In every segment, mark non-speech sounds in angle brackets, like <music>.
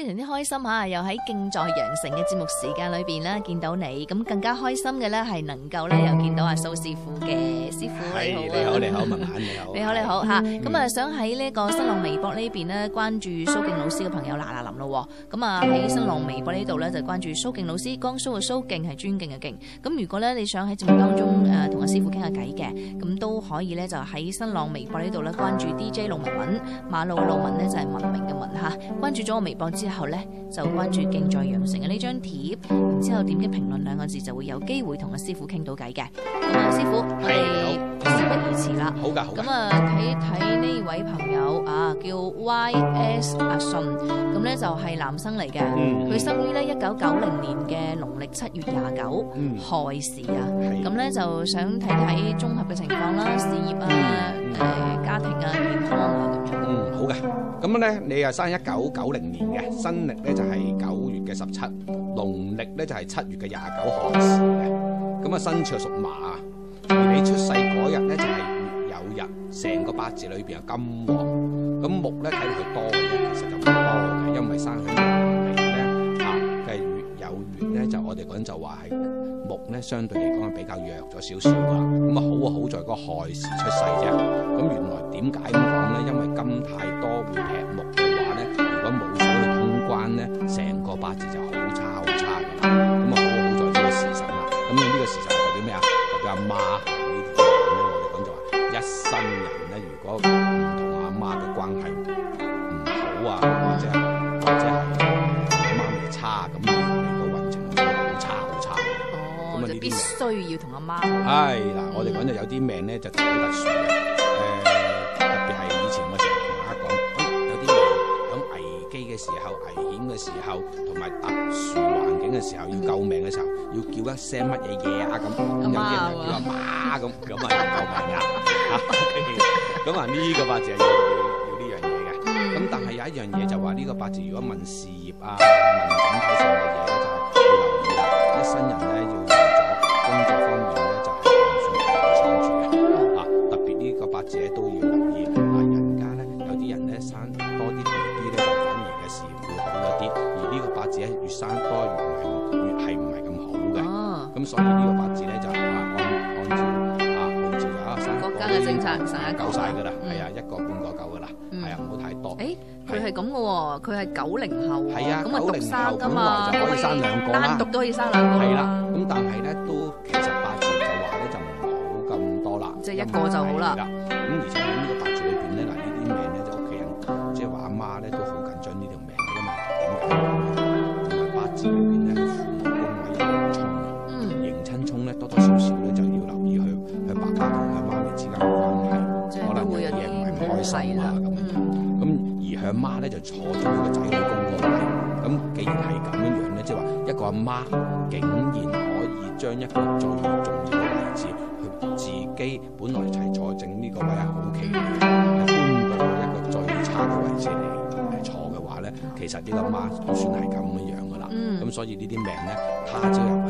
非常之開心哈，又喺《敬在羊城》嘅節目時間裏邊啦，見到你，咁更加開心嘅咧，係能夠咧又見到阿、啊、蘇師傅嘅師傅。你好， <laughs> 你好，你好，你好文文你好。你好、 <laughs> 嗯，你好哈，咁啊想喺呢個新浪微博呢邊呢，關注蘇敬老師嘅朋友嗱嗱臨咯，咁啊喺新浪微博呢度呢，就關注蘇敬老師，江蘇嘅蘇敬係尊敬嘅敬。咁如果呢，你想喺節目當中誒同阿師傅傾下偈嘅，咁都可以呢，就喺新浪微博呢度呢，關注 DJ 路文文，馬路路文呢，就係文明嘅文哈。關注咗我微博之後。之後咧，就關注敬在羊城嘅呢張帖，然之後點擊評論兩個字就會有機會同阿師傅傾到偈嘅。咁啊，師傅我哋事不宜遲啦。好噶，好。咁啊，睇睇呢位朋友啊，叫 Y S 阿信，咁咧就係、是、男生嚟嘅，佢、嗯、生於呢、嗯，一九九零年嘅農曆七月廿九亥時啊。咁咧的就想睇睇綜合嘅情況啦，事業啊，誒、啊，家庭啊，健康。咁咧，你係生一九九零年嘅，新曆咧就係九月嘅十七，農曆咧就係七月嘅廿九亥時嘅。咁啊，生肖屬馬，而你出世嗰日咧就係月有日，成個八字裏邊有金旺，咁木咧睇落去多嘅，其實就唔多嘅，因為生。我哋嗰陣就話係木咧相對嚟講係比較弱咗少少啦，咁、嗯、啊好啊好在個亥時出世啫，咁、嗯、原來點解咁講咧？因為金太多會劈木嘅話咧，如果冇咗去通關咧，成個八字就差差、嗯、好差好差噶啦。咁啊好好在呢個時辰啦，咁呢個時辰係代表咩啊？代表阿媽呢啲嘢我哋講就話，一生人咧如果唔同阿媽嘅關係唔好啊，就是、或者或者係媽咪唔差咁。必須要同阿媽，媽。係嗱、嗯，我哋講就有啲命咧，就好特殊嘅。誒、呃，特別係以前我成日同阿講，誒、啊嗯、有啲人喺危機嘅時候、危險嘅時候、同埋特殊環境嘅時候要救命嘅時候，要叫一聲乜嘢嘢啊咁、啊媽嗯，有啲人叫阿媽咁，咁啊救命㗎咁啊呢個八字係要要呢樣嘢嘅。咁、啊、但係有一樣嘢就話呢個八字，如果問事業啊、問身體上嘅嘢咧，就係要留意啦。一、啊、新人咧要。啊啊啊工作方面咧就係係上升嘅上嘅啊，特別呢個八字都要留意。啊。人家咧有啲人咧生多啲，少啲咧就反而嘅事業會好一啲。而呢個八字咧越生多越唔係，越係唔係咁好嘅，咁、啊、所以呢個八字咧。政策成日夠曬㗎啦，係啊、嗯，一個半個夠㗎啦，係、嗯、啊，唔好太多。誒、欸，佢係咁嘅喎，佢係九零後，係啊，九零後、啊啊啊、本來就可以生兩個啦、啊，以單獨都可以生兩個、啊。係啦、啊，咁、啊嗯、但係咧都其實八字就話咧就冇咁多啦，即係一個就好啦。咁而且呢個。細啦咁樣，咁而佢阿媽咧就坐咗佢個仔女公嗰位，咁既然係咁樣樣咧，即係話一個阿媽竟然可以將一個最重要嘅位置，佢自己本來就係坐正呢個位係好奇妙，係搬到一個最差嘅位置嚟坐嘅話咧，其實呢個阿媽都算係咁樣樣噶啦，咁、嗯、所以呢啲命咧，他朝。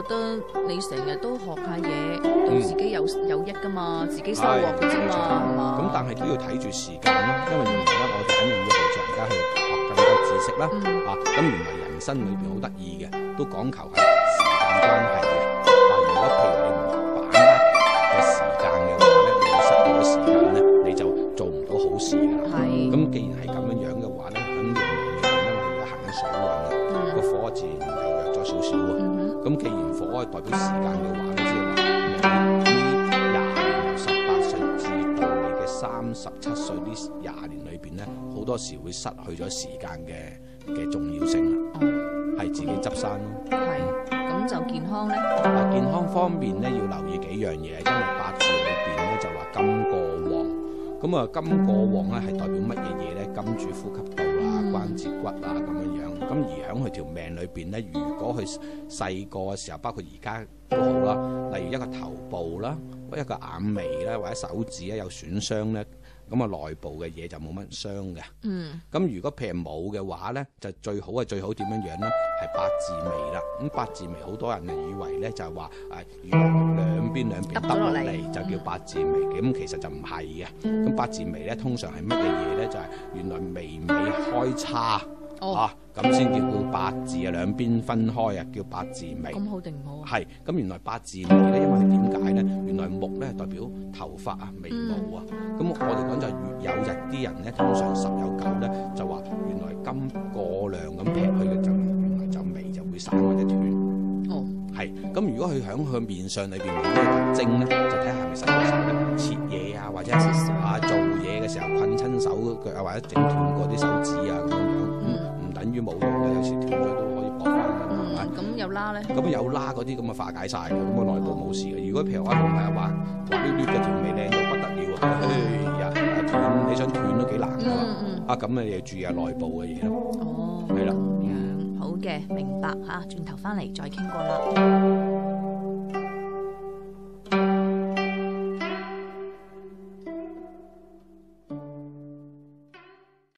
覺得你成日都學下嘢，對自己有有益㗎嘛，自己生活、嗯，嘅、嗯、啫嘛，咁但係都要睇住時間咯，因為老人家我哋肯定要幫助人家去學更多知識啦。啊，咁原來人生裏邊好得意嘅，都講求係時間關係嘅。但如果譬如你唔把握嘅時間嘅話咧，你失去咗時間咧，你就做唔到好事嘅。係是。咁既然係咁樣樣嘅話咧，肯定因為而家行緊水運嘅，個火字又弱咗少少咁既然火可以代表時間嘅話咧，即係話，呢廿年由十八歲至到你嘅三十七歲呢廿年裏邊咧，好多時會失去咗時間嘅嘅重要性啦，係自己執生咯。係咁就健康咧。嗱，健康方面咧，要留意幾樣嘢，因為八字裏邊咧就話金過旺，咁啊金過旺咧係代表乜嘢嘢咧？金主呼吸。關節骨啊咁樣樣，咁而喺佢條命裏邊咧，如果佢細個嘅時候，包括而家都好啦，例如一個頭部啦，一個眼眉咧，或者手指咧有損傷咧，咁啊內部嘅嘢就冇乜傷嘅。嗯，咁如果譬如冇嘅話咧，就最好啊，最好點樣樣咧，係八字眉啦。咁八字眉好多人就以為咧，就係話誒。邊兩邊落嚟就叫八字眉咁、嗯、其實就唔係嘅。咁八字眉咧通常係乜嘢嘢咧？就係、是、原來微微開叉、哦、啊，咁先叫八字啊。兩邊分開啊，叫八字眉。咁好定唔好啊？係，咁原來八字眉咧，因為點解咧？原來木咧代表頭髮啊、眉毛啊、咁、嗯、我哋講就係月有日啲人咧，通常十有九咧就話，原來金過量咁劈去嘅就，嗯、原來就眉就會散或者斷。係，咁如果佢喺佢面上裏邊冇咩特徵咧，嗯、就睇下係咪手術咧切嘢啊，或者啊做嘢嘅時候捆親手腳，或者整斷過啲手指啊咁樣，嗯，唔等於冇用嘅，有時斷咗都可以駁翻嘅，咁、嗯吧嗯、有拉咧？咁、嗯、有拉嗰啲咁啊化解晒，咁啊內部冇事嘅。如果譬如話同埋話滑溜溜嘅條眉靚到不得了，哎呀斷你想斷都幾難㗎，嗯嗯、啊咁啊注意下內部嘅嘢咯。哦哦。明白吓，轉頭翻嚟再傾過啦。